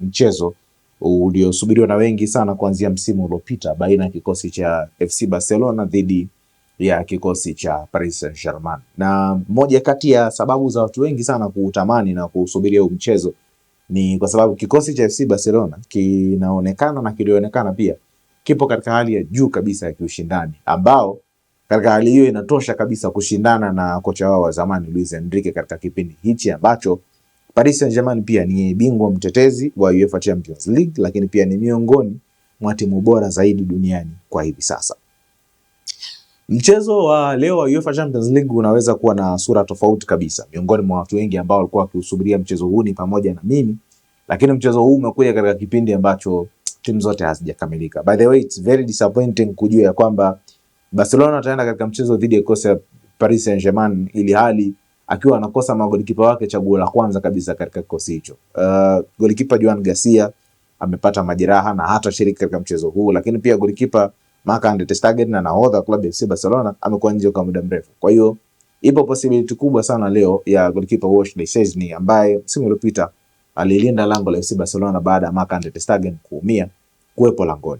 mchezo uliosubiriwa na wengi sana kuanzia msimu uliopita baina ya kikosi cha FC Barcelona dhidi ya kikosi cha Paris Saint-Germain. Na moja kati ya sababu za watu wengi sana kuutamani na kuusubiria huu mchezo ni kwa sababu kikosi cha FC Barcelona kinaonekana na kilionekana pia kipo katika hali ya juu kabisa ya kiushindani, ambao katika hali hiyo inatosha kabisa kushindana na kocha wao wa zamani Luis Enrique katika kipindi hichi ambacho Paris Saint-Germain pia ni bingwa mtetezi wa UEFA Champions League, lakini pia ni miongoni mwa timu bora zaidi duniani kwa hivi sasa. Mchezo wa leo wa UEFA Champions League unaweza kuwa na sura tofauti kabisa. Miongoni mwa watu wengi ambao walikuwa wakiusubiria mchezo huu ni pamoja na mimi, lakini mchezo huu umekuja katika kipindi ambacho timu zote hazijakamilika. By the way, it's very disappointing kujua ya kwamba Barcelona wataenda katika mchezo dhidi ya kikosi cha Paris Saint-Germain ili hali akiwa anakosa magolikipa wake chaguo la kwanza kabisa katika kikosi hicho. Uh, golikipa Juan Garcia amepata majeraha na hatashiriki katika mchezo huu, lakini pia golikipa Marc Andre ter Stegen na nahodha klabu ya FC Barcelona amekuwa nje kwa muda mrefu. Kwa hiyo ipo possibility kubwa sana leo ya golikipa Wesley Szczesny ambaye msimu uliopita alilinda lango la FC Barcelona baada ya Marc Andre ter Stegen kuumia kuwepo langoni.